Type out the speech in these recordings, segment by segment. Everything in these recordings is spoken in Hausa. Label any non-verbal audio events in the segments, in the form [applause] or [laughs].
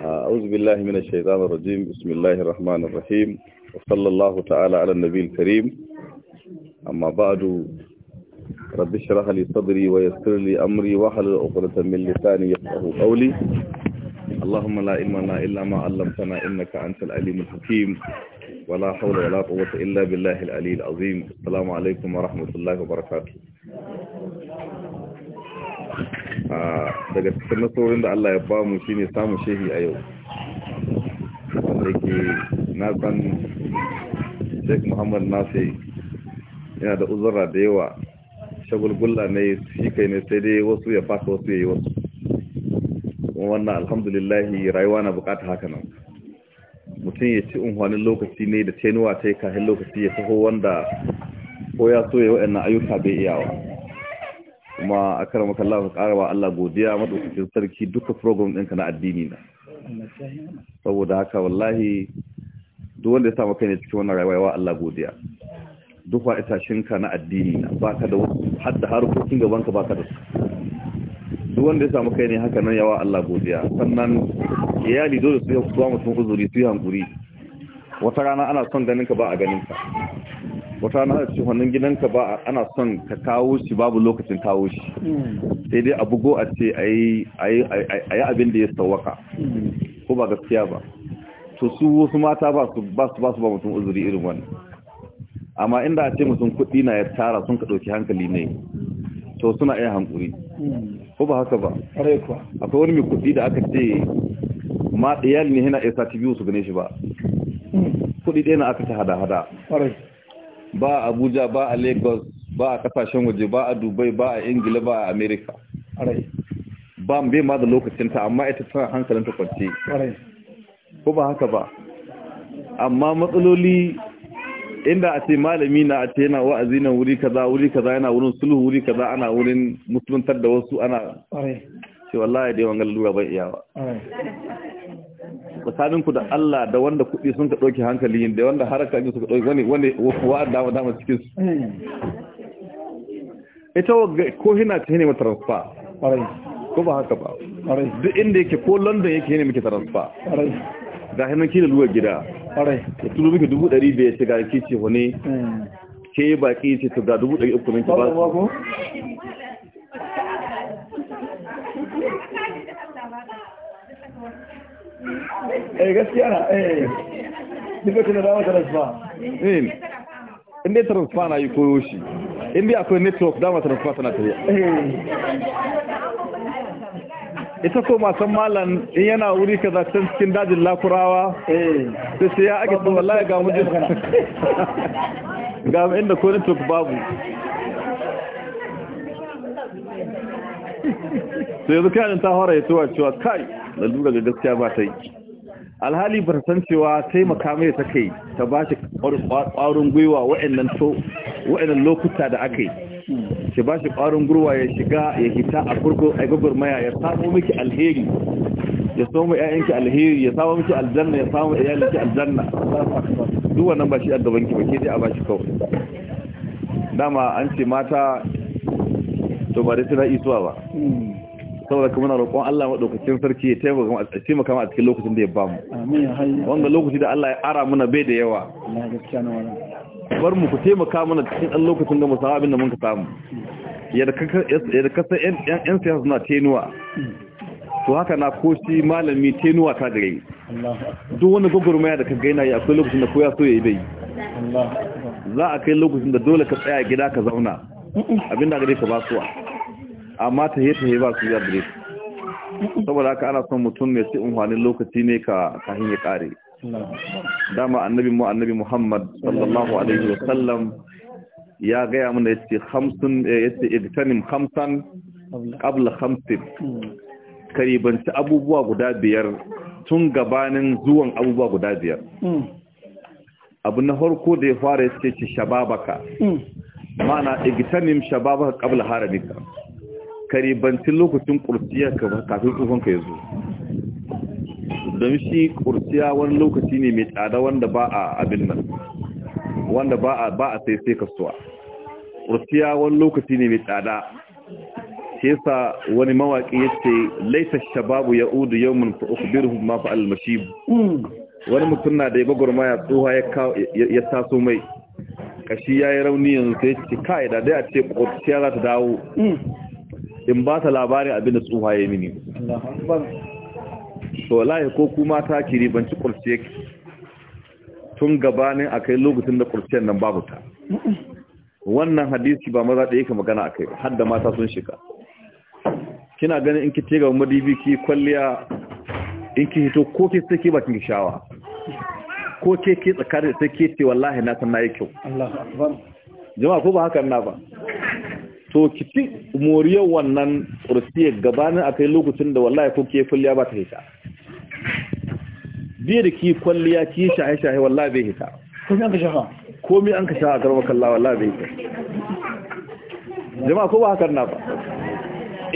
أعوذ بالله من الشيطان الرجيم بسم الله الرحمن الرحيم وصلى الله تعالى على النبي الكريم أما بعد رب اشرح لي صدري ويسر لي أمري واحلل عقدة من لساني يفقهوا قولي اللهم لا علم لنا إلا ما علمتنا إنك أنت العليم الحكيم ولا حول ولا قوة إلا بالله العلي العظيم السلام عليكم ورحمة الله وبركاته daga cikin nasarorin da Allah ya ba mu ne samun shehi a yau wanda ke na san Sheikh Muhammad nasi yana da uzura da yawa shagulgula ne shi kai ne sai dai wasu ya fasa wasu ya yi wasu kuma wannan alhamdulillahi rayuwa na bukata haka nan mutum ya ci unhwanin lokaci ne da tenuwa ta yi kahin lokaci ya taho wanda ko ya so ya yi ayyuka bai iyawa kuma a kara maka Allah ka kara wa Allah godiya madaukakin sarki duka program ɗinka na addini na saboda haka wallahi duk wanda ya samu kai ne cikin wannan rayuwa Allah godiya duk wa ka na addini na baka da har da harkokin gabanka baka da su duk wanda ya samu kai ne haka nan yawa Allah godiya sannan iyali dole su yi kuwa mutum uzuri su yi hankuri wata rana ana son ganin ka ba a ganin ka wata na da cefanin gidanka ba ana son ka kawo shi babu lokacin kawo shi hmm. sai dai a bugo a ce a yi abin da ya sauwaka hmm. ko ba gaskiya ba to su wasu mata ba su ba su ba mutum uzuri irin wannan amma inda a ce mutum kuɗi na ya tara sun ka ɗauki hankali ne to suna iya hankuri hmm. ko ba haka ba akwai wani mai kuɗi da aka ce ma iyali ne yana iya ta biyu su gane shi ba kuɗi ɗaya na aka ta hada-hada ba a abuja ba a lagos ba a kasashen waje ba a dubai ba a ingila ba a america ba bai ma da lokacinta amma ita tana hankalin ta kwance ko ba haka ba amma matsaloli inda a ce malami na a ce yana wa'azi na wuri kaza wuri kaza yana wurin sulhu wuri kaza ana wurin musuluntar da wasu ana ce wallahi dai wangan lura bai iyawa tsakaninku da Allah da wanda kuɗi sun ka ɗauki hankali da wanda haraka ne suka ɗauki wani wani wa dama dama cikin su ita wa ko hina ta ne mata transfer ko ba haka ba duk inda yake ko London yake ne muke transfer ga ki kila luwa gida ya tulu muke dubu ɗari da ya shiga kici wani eh. ke baki ce to ga dubu ɗari uku minki ba eh gaskiya na eh duka tana da transfer eh in dai transfer na yi koyo shi in akwai network dama transfer tana tafiya eh. ita ko masan malan in yana wuri kaza can cikin dajin lakurawa eh. sai sai ya ake tsohon laye ga mujin ga inda ko network babu sai yanzu kayanin ta hora ya tuwa cewa kai lura da gaskiya ba ta yi alhali ba san cewa taimaka makamai ta kai ta ba shi ƙwarin gwiwa wa'annan lokuta da aka yi shi ba shi ƙwarin gwiwa ya shiga ya hita a gurgur maya ya samu miki alheri ya samu ‘ya'yanki alheri ya samu miki aljanna ya samu iyalinki aljanna duk wannan ba shi a ki ba ke dai a ba shi kawai dama an ce mata to ba dai suna isuwa ba saboda kuma muna roƙon Allah madaukakin sarki ya taimaka mu a cikin lokacin da ya bamu wanda lokaci da Allah ya ara muna bai da yawa bar mu ku taimaka mana cikin ɗan lokacin da mu samu abin da mun ka samu yadda kasa yan siyasa suna tenuwa to haka na ko shi malami tenuwa ta gare duk wani gwagwarmaya da ka gaina ya akwai lokacin da koya so ya yi bai za a kai lokacin da dole ka tsaya gida ka zauna abin da gare ka ba suwa amma ta yi ba su yi adres saboda haka ana son mutum mai sai unhwanin lokaci ne ka kahin ya kare dama annabi mu annabi muhammad sallallahu alaihi wa sallam ya gaya mana yace ya ce eh, ibtanim hamsan qabla hamsin karibanci abubuwa guda biyar tun gabanin zuwan abubuwa guda biyar abu na farko da ya fara yace ce shababaka hmm. ma'ana igtanim shababaka qabla haramika karibancin lokacin kursiya kafin tsufanka ya zo don shi kursiya wani lokaci ne mai tsada wanda ba a abin nan wanda ba a ba a sai sai kasuwa kursiya wani lokaci ne mai tsada Ke sa wani mawaki ce laisa shababu yaudu yawman fa ukhbiruhu ma fa almashi wani mutum na da ya bagwarma ya tsoha ya taso mai kashi ya yi rauni yanzu yi ce kai da dai a ce kursiya za ta dawo in ba ta labarin abin da tsuha ya mini so lai ko kuma ta kiri banci kurciye tun gabanin kai lokacin da kurciyar nan babu ta wannan hadisi ba maza da yake magana a har da mata sun shiga kina ganin in ki tega madibi ki kwalliya in ki hito ko ki sake ba kin shawa ko ke ke tsakar sai ke ce wallahi na san yi kyau jama'a ko ba hakan na ba to ki ci moriyar wannan tsorsiya gabanin akai lokacin da wallahi ko ke kulliya ba ta hita biye da ki kulliya ki shahe shahe wallahi bai hita komai an ka shafa komai an ka shafa karbar kalla wallahi bai hita jama'a ko ba hakan na ba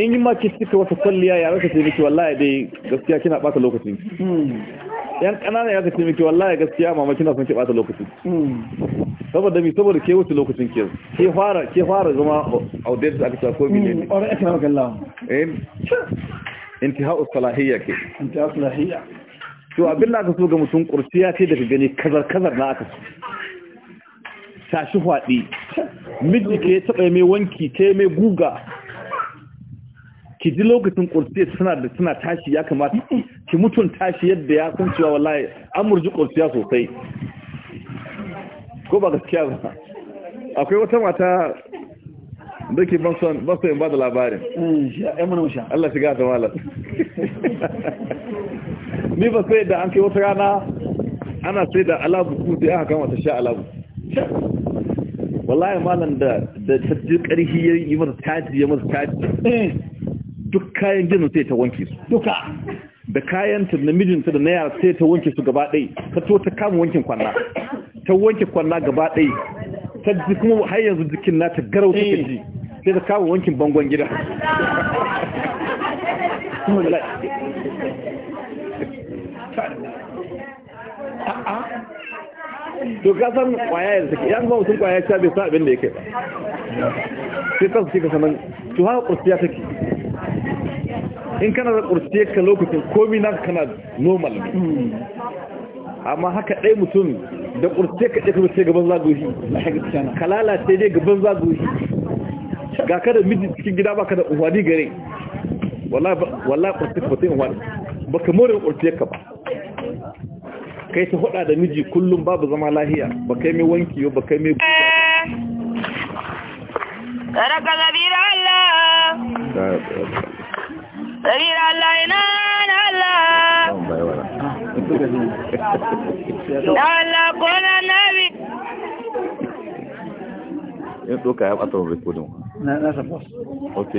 in yi ma ki cika wata kulliya ya rasa taimaki wallahi dai gaskiya kina ɓata lokacin hmm. yan kanana ya kace miki wallahi gaskiya mama kina son ki bata lokaci hmm. saboda mi saboda ke wuce lokacin ke ke fara ke fara zama da aka ko bi hmm. ne or aka maka Allah eh intihau salahiyya ke intiha salahiyya to abin da ka so ga mutum kurciya ce daga gani kazar kazar na aka so tashi fadi miji ke taba mai wanki ke mai guga ki ji lokacin kursiya suna da suna tashi ya kamata ki mutun tashi yadda ya san cewa wallahi an murji kursiya sosai ko ba gaskiya ba akwai wata mata da ke ban son in ba da labarin Allah shiga ta malar ni ba sai da an kai wata rana ana sai da alabu ku sai aka kama ta sha alabu wallahi malam da da tattir karhi yayi mata taji ya mata taji eh. duk kayan ginin sai ta wanke su duka da kayan ta namijinta da na yara sai ta wanke su gaba ɗai ta to ta kama wankin kwanna ta wanke kwanna gaba ɗai ta ji kuma har yanzu jikin na ta garau ta eh. ji sai ta kama wankin bangon gida to ka san kwaya da take yan ba mutum kwaya ta bai sa abin da kai ba sai ta su ce ka to haka ya take in kana da kurciye ka lokacin komi na kana normal amma haka ɗai mutum da kurciye ka ɗaya sai gaban zagoshi ka lalace dai gaban zagoshi ga kada miji cikin gida ba da umarni gare wala ba ka batun umarni ba ka more kurciye ka ba kai ta hada da miji kullum babu zama lahiya ba kai mai wanki ba kai mai buta ba. Saraka eh, da Allah! ríra láìná nàlá nàlá kọ́lá náàrí yóò tó kàá pàtàkì rẹ̀ kò dùn. Nasa pọ̀. Ok.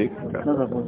Nasa pọ̀.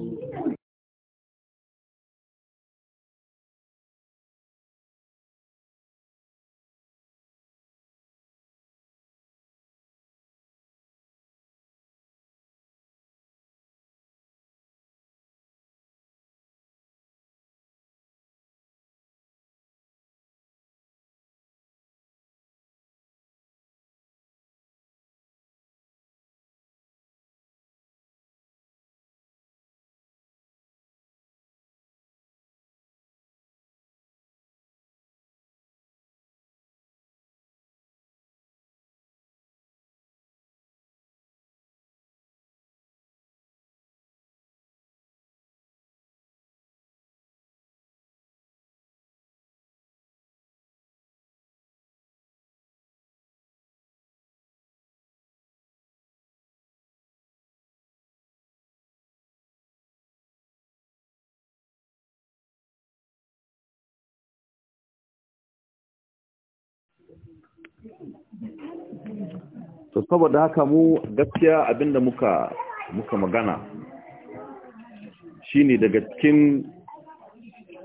to saboda haka mu gaskiya abinda muka muka magana shine daga cikin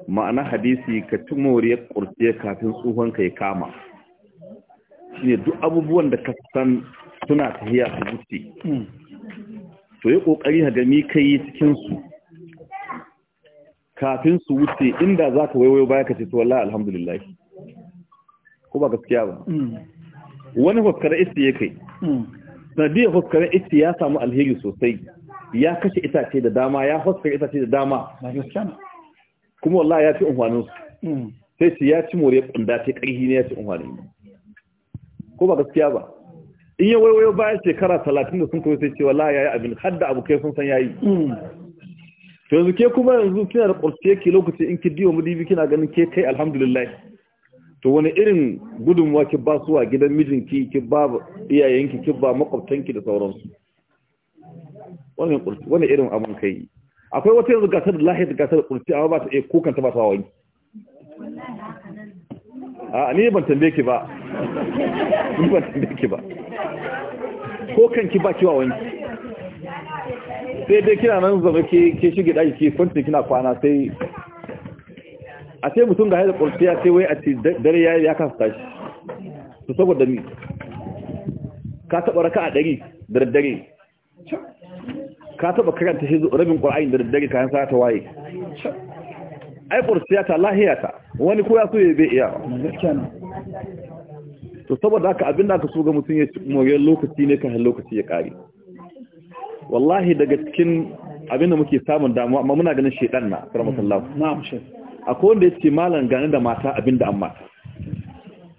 ma'ana hadisi ka ci moriyar ƙurfe kafin tsohon ka ya kama shine duk abubuwan da ka san suna tahiya su wuce to yi ƙoƙari haga mi yi cikinsu kafin su wuce inda za ka waiwayo baya ka ce to wallahi alhamdulillah ko ba gaskiya ba mm. wani fuskarar isti ya kai mm. sanadiyar fuskarar isti ya samu alheri sosai ya kashe itace da dama ya fuskar itace da dama kuma wallah ya ci unhwaninsu mm. sai shi ya ci more kunda ta ƙarhi ne ya ci unhwanin ko ba gaskiya ba in yi waiwayo bayan shekara talatin da sun kuma sai ce wallahi ya yi abin har da abokai sun san ya yi to yanzu ke kuma yanzu kina da ƙwarce ke lokaci in ki diwa mudibi kina ganin ke kai alhamdulillah to wani irin gudunwa ki ba suwa gidan mijinki ki ba iyayenki ki ba makwabtanki da sauransu wani irin abin kai akwai wata yanzu gasar da lahiyar gasar da kurci amma ba ta iya kukanta ba ta wani a ni ban tambaye ki ba [laughs] ni ban tambaye ki ba ko kanki ba kiwa wani sai dai kina nan zama ke shige daki ke kwanci kina kwana sai a ce mutum ga haida kurciya sai wai a ce dare ya ya kasa tashi to saboda ni ka taɓa raka a ɗari da daddare ka taɓa karanta shi rabin ƙwar'ayin da daddare kayan sa ta waye ai kurciya ta lahiya ta wani ko ya so ya bai iya to saboda haka abin da aka so ga mutum ya moriyar lokaci ne kan lokaci ya ƙari wallahi daga cikin abin da muke samun damuwa amma muna ganin shaidan na karamakallahu na'am akwai wanda ya ce malam gane da mata abinda an mata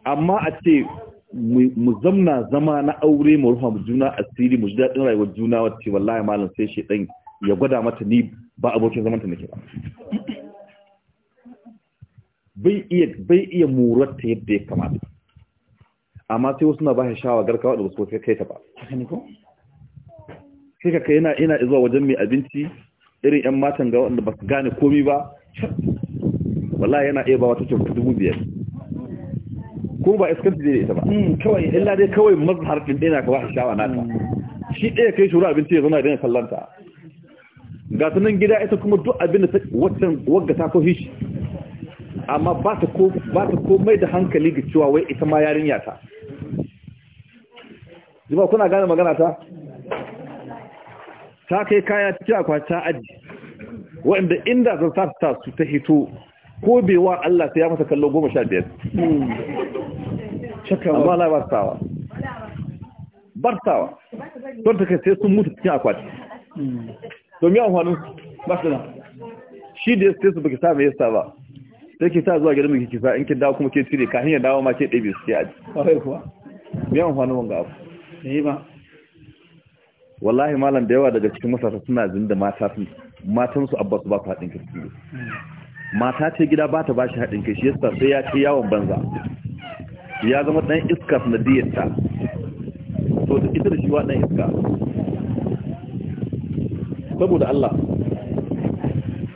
amma a ce mu zamna zama na aure mu rufa mu juna asiri mu ji daɗin rayuwar juna ce wallahi malam sai shi ɗan ya gwada mata ni ba abokin zaman ta nake ba bai iya bai iya murar ta yadda ya kamata amma sai wasu na ba shi shawa garkawa da wasu kai kai ta ba sai ka kai yana ina zuwa wajen mai abinci irin yan matan ga wanda ba su gane komi ba wallahi yana iya ba wata kyauta dubu biyar kuma ba iskanci da ita ba hmm, kawai illa dai kawai mazhar din ɗaya ka ba shi shawa ta hmm. shi ɗaya kai shura abinci ya zama da sallanta ga sunan gida ita kuma duk abin da wata wagga ta ko hishi amma ba ta ko da hankali ga cewa wai ita ma yarinya ta zuba kuna gane magana ta ta kai kaya cikin akwati ta aji wanda inda zan sa ta su ta hito ko bewa Allah sai ya masa kallo goma sha biyar amma Allah ba sawa bartawa don ta kai sai sun mutu cikin akwati domin amfanin ba su da shi da ya sai su baki sa mai yasa ba sai ke sa zuwa gidan mai kisa in kin dawo kuma ke cire ka ya dawo ma ke ɗabi su ke aji ƙwarai kuwa mai wanga abu ne eh ba wallahi malam da yawa daga cikin masarauta suna zin da mata matansu abba su ba su haɗin kirki hmm. mata ce gida ba ta ba shi haɗin kai shi yasa sai ya ce yawon banza ya zama ɗan iska diyarta to da ita da shi wa ɗan iska saboda Allah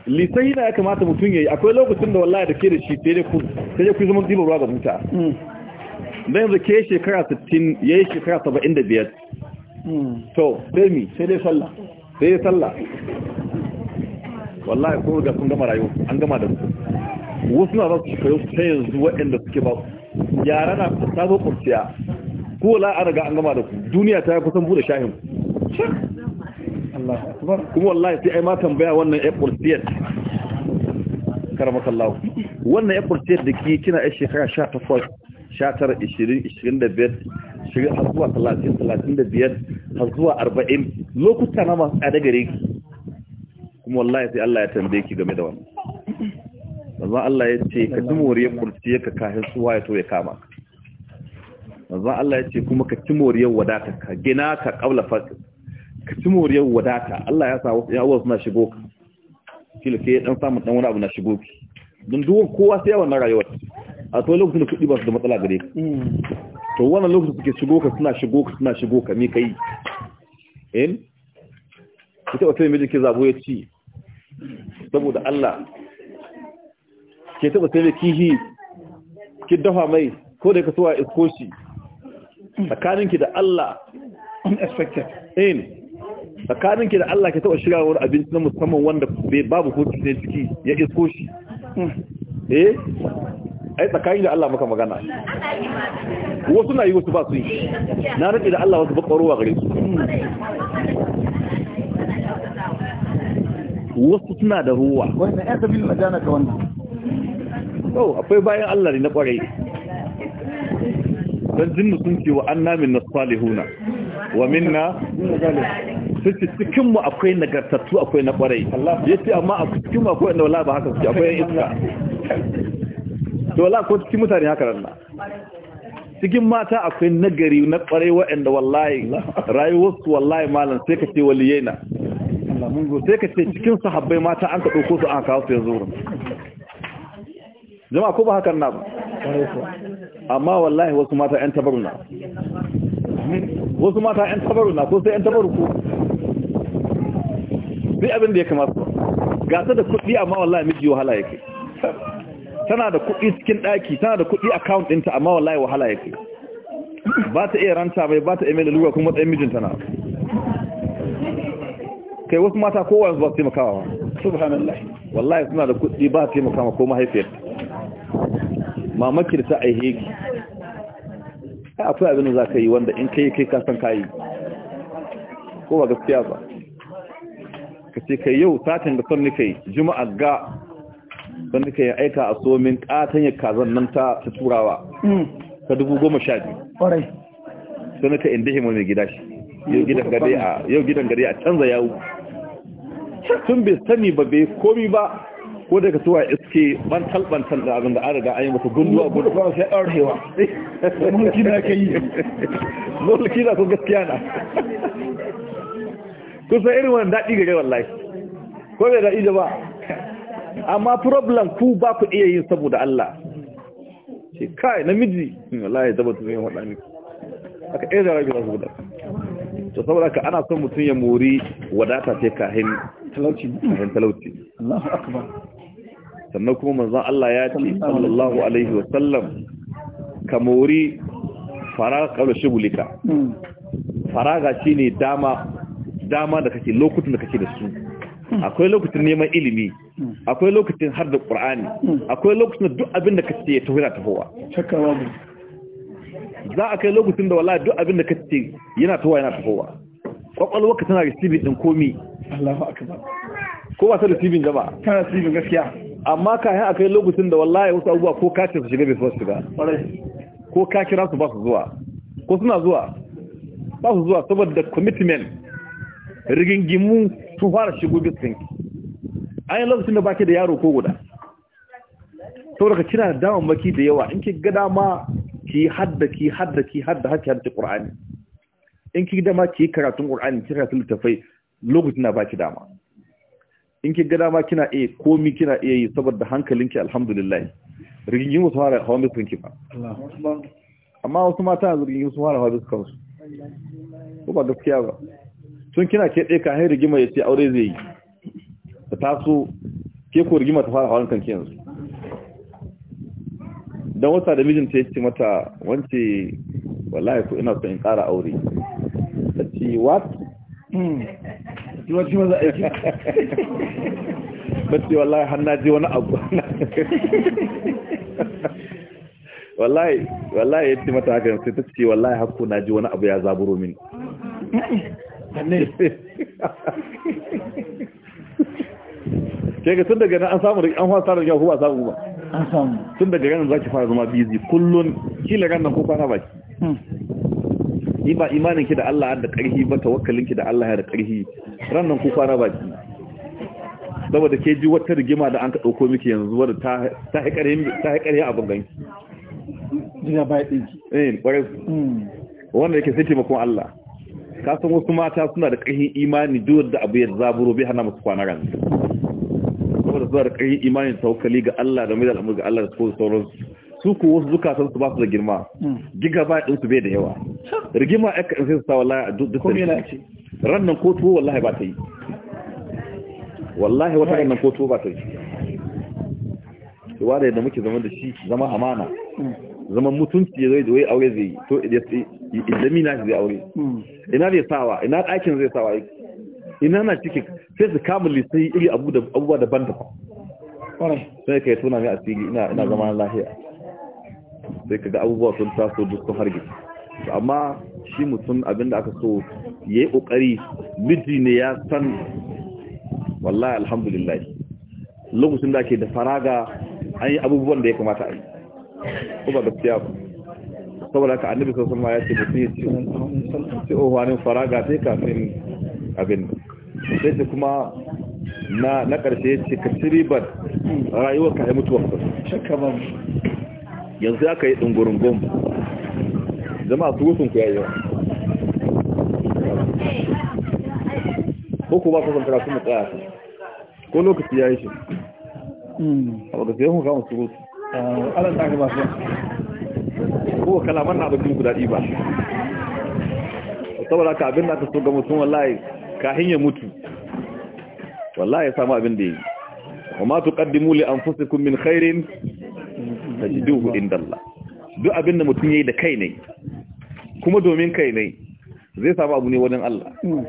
lisai na ya kamata mutum ya yi akwai lokacin da wallahi da ke da shi sai ya ku zama zima ruwa ga muta mm. don yanzu ke shekara 60 ya yi shekara 75 mm. to sai mi sai dai sallah sai dai sallah wallahi ko da kun gama rayuwa an gama da su, wasu na za su koyo ta yanzu waɗanda suke ba yara na sabo kurciya ko la an riga an gama da su, duniya ta kusan bude shahin kuma wallahi sai ai ma tambaya wannan ai karamar sallahu wannan ya kurciyar da ke kina ya shekara ishirin, ishirin da biyar, shirin har zuwa da biyar har zuwa arba'in, lokuta na masu tsada gare ki kuma wallahi sai Allah ya tambaye ki game da wannan manzon Allah ya ce ka ci moriyar kurciye ka kahin suwa ya to ya kama ka manzon Allah ya ce kuma ka ci moriyar wadata ka gina ka kaula farka ka ci moriyar wadata Allah ya sa wasu yawa suna shigo ka kila ke dan samu dan wani abu na shigo ki don duwon kowa sai yawan na rayuwar a to lokacin da kuɗi ba su da matsala gare ka to wannan lokacin suke shigo ka suna shigo ka suna shigo ka me kai in ita wata mai mijin ke zabo ya ci saboda Allah ke taba sai da kihi ki dafa mai ko da ka suwa a tsakaninki da Allah unexpected in eh, tsakaninki da Allah ke taba shiga wani abinci na musamman wanda babu ko ne ciki ya iskoshi. Hmm. eh ai tsakani da Allah maka magana wasu na yi wasu ba su yi na rike da Allah wasu bakwarowa gare su hmm. wasu suna da ruwa wanda ya sabi na jana ka wanda yau akwai bayan Allah ne na kwarai don jin mutum ce wa an namin na huna. wa minna sun ce cikinmu akwai nagartattu akwai na kwarai ya ce amma a cikinmu akwai wanda wala ba haka suke akwai iska to wala ko cikin mutane haka ranna cikin mata akwai nagari na kwarai waɗanda wallahi rayuwarsu wallahi malam sai ka ce na. Allah mun zo sai ka ce cikin sahabbai mata an ka dauko su an kawo su yanzu wurin jama'a ko ba hakan na ba amma wallahi wasu mata ƴan tabaru na wasu mata ƴan tabaru na ko sai 'yan tabaru ko sai abin da ya kamata ba ta da kuɗi amma wallahi miji wahala yake tana da kuɗi cikin ɗaki tana da kuɗi account ɗinta amma wallahi wahala yake ba ta iya ranta bai ba ta iya mai lalura kuma matsayin mijinta na kai wasu mata kowa ba su taimakawa subhanallah wallahi suna da kuɗi ba su taimakawa ko mahaifiyar mamaki da ta aihe ki akwai abin da za ka yi wanda in kai kai kasan kayi ko ba gaskiya ba ka ce kai yau satin da son nika yi juma'a ga son nika yi aika a somin katon ya kazan nan ta turawa mm. ta dubu goma sha biyu Sai sun nika inda himar mai gida shi yau gidan gari a canza yawu tun bai sani ba bai komi ba ko daga zuwa iske ban talbantan da abin da an riga an yi masa gunduwa gunduwa sai ɗaurewa mulki na ka yi mulki na ko gaskiya na san irin wannan daɗi gare wallahi ko bai daɗi da ba amma problem ku ba ku iya yin saboda Allah shi kai namiji wallahi zaba tun yin waɗani aka iya zara gina saboda to saboda ka ana son mutum ya mori wadata ce kahin talauci bayan talauci Allahu akbar sannan kuma manzon Allah ya ce sallallahu alaihi wa sallam kamori faraga kaula shugulika hmm. faraga shine dama dama da kake lokacin da kake da su hmm. akwai lokacin neman ilimi hmm. akwai lokacin har da qur'ani akwai lokacin duk abin da kace ya tafi na tafowa shakka za a kai lokacin da wallahi duk abin da kace yana tafowa yana tafowa kwakwalwarka tana receiving din komi Allahu akbar ko wasa receiving gaba tana receiving gaskiya amma ka yi akai lokacin da wallahi wasu abubuwa ko ka ce su shiga bai su shiga ko ka kira su ba su zuwa ko suna zuwa ba su zuwa saboda commitment rigingimu sun fara shigo biskinki an yi lokacin da baki da yaro ko guda saboda ka cina damar maki da yawa in ki ga dama ki hadda ki hadda ki hadda haki hadda Qur'ani in ki dama ki yi karatun Qur'ani ki karatu littafai lokacin na baki dama in ki ga dama kina iya komi kina iya yi saboda hankalinki alhamdulillah rigingin wasu fara hawa mai sunki ba amma wasu mata yanzu rigingin sun fara hawa mai kansu ko ba gaskiya ba tun kina ke ɗaya ka hain rigima ya ce aure zai yi ta taso ke ko rigima ta fara hawan kanki yanzu don wata da mijinta ya ce mata wance wallahi ko ina so in ƙara aure ta ce what? yawanci maza aiki ba ce wallahi har na je wani abu [laughs] wallahi wallahi ya ce mata haka sai ta ce wallahi hakku na ji wani abu ya zaburo min [laughs] ke ga tun daga nan an samu an fara samun yau ba samu ba an samu tun daga nan za ki fara zama busy kullun kila ran nan ko kwana baki hmm. ni ba imanin ki da Allah da ƙarfi ba tawakkalin ki da Allah da ƙarfi rannan ku fara baki saboda ke ji wata rigima da an ka dauko miki yanzu wadda ta ta haƙarin ta haƙarin abin ganki dina ba din ki eh hmm. wanda yake sai taimakon Allah ka san wasu mata suna da ƙarfin imani duk da abu ya zaburo bai hana musu kwana ran saboda suna da ƙarfin imani tawakkali ga Allah da mai da ga Allah da sauransu su ko wasu zukatan su ba su da girma hmm. gigabyte din ɗinsu bai da yawa rigima aka sai su sa wallahi duk da yana ce rannan ko tuwo wallahi ba ta yi wallahi wata rannan ko tuwo ba ta yi wa da yadda muke zama da shi zama amana hmm. zaman mutunci zai da wai aure zai yi to idan mina zai aure hmm. ina zai sawa ina aikin zai sawa ina na cikin sai su kama lisai iri abu abubuwa daban daban sai ka yi tuna mai asiri ina hmm. zama lahiya sai ka ga abubuwa sun taso duk sun hargitsi amma shi mutum abinda aka so ya yi ƙoƙari miji ne ya san wallahi alhamdulillah lokacin da ke da faraga an yi abubuwan da ya kamata a yi ko ba gaskiya ba saboda ka annabi sosai ma ya ce mutum ya ce ohanin faraga sai kafin abin sai ce kuma na ƙarshe ce ka ci ribar rayuwar ka yi mutuwar yanzu aka yi ɗungurin goma jama'a su gusun ku ya yawa ko ku ba ku san karatu mu tsaya ko lokaci ya yi shi hmm. abu da sai kun kama su gusu alan ta gaba su ko kalaman na abin ku daɗi ba saboda ka abin da ka so ga mutum wallahi kahin ya mutu wallahi ya samu abin da yi وما تقدموا لأنفسكم من min تجدوه عند الله duk abin da mutum yayi da kai ne kuma domin kai ne zai samu abu ne wajen Allah hmm.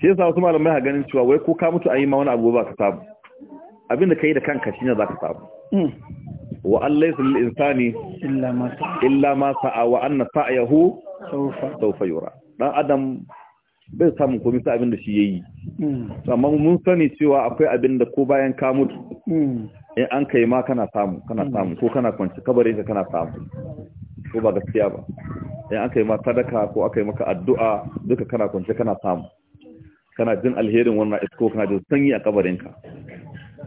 shi yasa wasu malamai ha ganin cewa wai ko ka mutu ayi yi ma wani abu ba ka samu abin da kai da kanka shine zaka samu hmm. wa allaysa lil insani illa ma sa'a illa ma sa'a wa anna sa'yahu sawfa sawfa yura dan adam bai samu komai sai abin da shi yayi hmm. amma mun sani cewa akwai abin da ko bayan ka mutu in an kai ma kana samu kana samu ko kana kwanci kabare ka kana samu ko ba gaskiya ba in aka yi ma sadaka ko aka yi maka addu'a duka kana kwance kana samu kana jin alherin wannan isko kana jin sanyi a kabarinka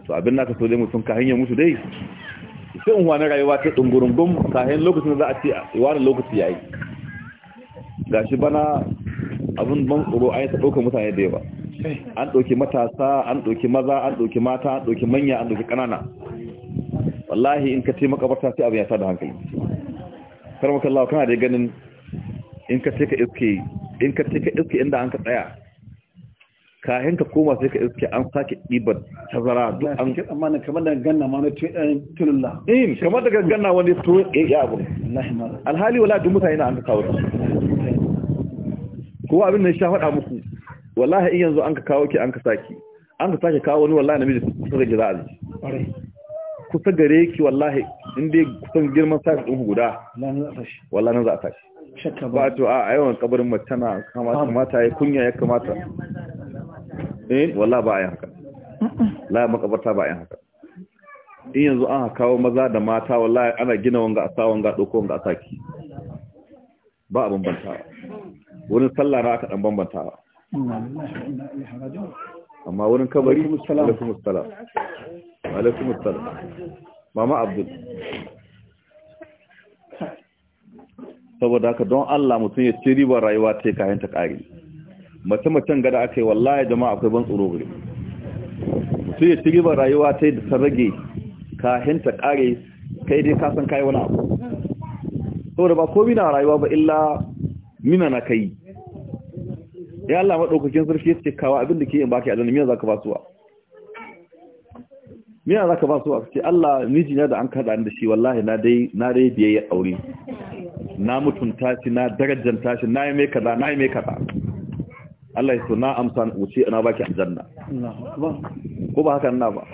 to abin naka so dai mutum ka hanyar musu dai sai in wani rayuwa ta dungurungun kahin lokacin za a ce wani lokaci yayi gashi bana abin ban tsoro a yi ta ɗaukar mutane da yawa an ɗauki matasa an ɗauki maza an ɗauki mata an ɗauki manya an ɗauki ƙanana wallahi in ka ce makabarta sai abin ya sa da hankali karmaka Allah kana da ganin in ka ce ka iske in ka ce ka iske inda an ka tsaya kahin ka koma sai ka iske an sake ɗibar tazara duk an ke na kamar da ganna ma na eh, tululla in kamar da ganna wani to eh, ya abu alhali wala duk mutane na an ka kawo kowa abin da ya faɗa muku wallahi in yanzu an ka kawo ki an ka saki an ka sake kawo wani wallahi namiji kusa ga jira'a ji kusa gare ki wallahi in dai kusan girman sa ɗin guda wallahi nan za a tashi ba to a yawan kabarin mace tana kamata ya kunya ya kamata eh wallah ba ayin haka la makabarta ba ayin haka in yanzu an kawo maza da mata wallahi ana gina wanga a sa wanga doko wanga a saki ba a bambantawa wurin sallah na aka dan bambantawa amma wurin kabari alaikum assalam alaikum mama abdul saboda haka don Allah mutum ya ce ribar rayuwa ta yi kayan ta ƙari mace-macen gada aka yi wallahi jama'a akwai ban tsoro gari mutum ya ce ribar rayuwa ta yi da ta rage kayan ta ƙari kai dai ka san kai wani abu saboda ba komi na rayuwa ba illa mina na kai ya Allah maɗaukakin sarki ya ce kawa abin da ke yin baki a zanen miya za ka ba suwa mina za ka ba suwa ce Allah mijina da an kaɗa da shi wallahi na dai biyayya aure na mutunta shi na darajanta shi na yi mai kaza na yi mai kaza Allah ya so na amsa wuce na baki aljanna ko ba haka na ba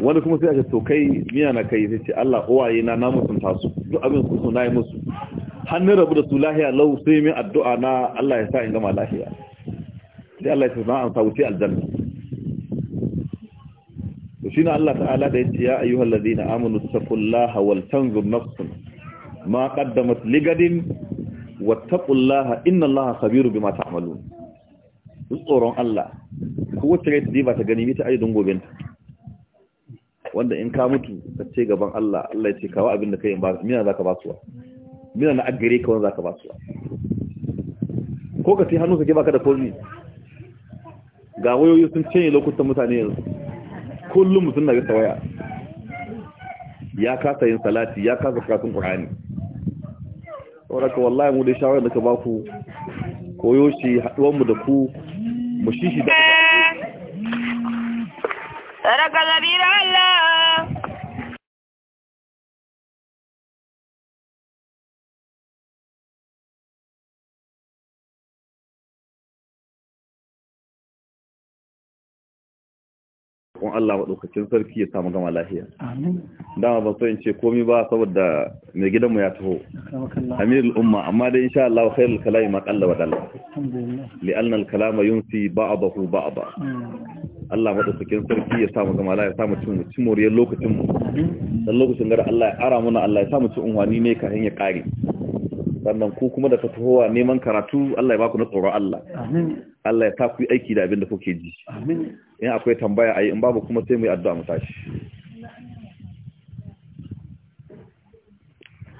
wani kuma sai ake to kai miya na kai sai ce Allah uwaye na na mutunta su duk abin su so na yi musu hannun rabu da su lahiya lau sai min addu'a na Allah ya sa in gama lahiya sai Allah ya so na amsa wuce aljanna shi na Allah ta'ala da ce ya ayyuhal ladina amanu taqullaha wal tanzur nafsun ma qaddamat ligadin wattaqullaha innallaha khabirun bima ta'malun tsoron Allah ko wacce kai ba ta gani mita aidin goben wanda in ka mutu ka ce gaban Allah Allah ya ce kawo abin da kai in ba mina zaka ba suwa mina na aggare ka wanda zaka ba suwa ko ka sai hannu ka ke baka da komi ga wayoyi sun canye lokutan mutane yanzu kullum sun na ga waya ya kasa yin salati ya kasa karatun qur'ani sauraka wallahi mu dai shawarar da ka ba ku koyo shi haɗuwanmu da ku mu shi da ba ku. Sadaka zabira Allah roƙon Allah maɗaukacin sarki ya samu gama lahiya. Dama ban so in ce komi ba saboda mai gidanmu ya taho. Amirul Umma amma dai insha Allah khairul kalami ma qalla wa dalla. Li'anna al-kalama yunsi ba'dahu ba'da. Allah maɗaukacin sarki ya samu gama lahiya ya samu cin mu cimoriyar lokacin mu. Dan lokacin gara Allah ya ara muna Allah ya samu cin unwani ne kafin ya ƙare. sannan ku kuma da fatowa neman karatu Allah ya baku na tsoron Allah Allah ya ta ku aiki da abin da kuke ji in akwai tambaya ayi in babu kuma sai mu yi addu'a mu tashi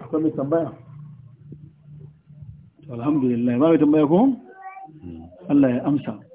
akwai mai tambaya alhamdulillah ba mai tambaya ko hmm. Allah ya amsa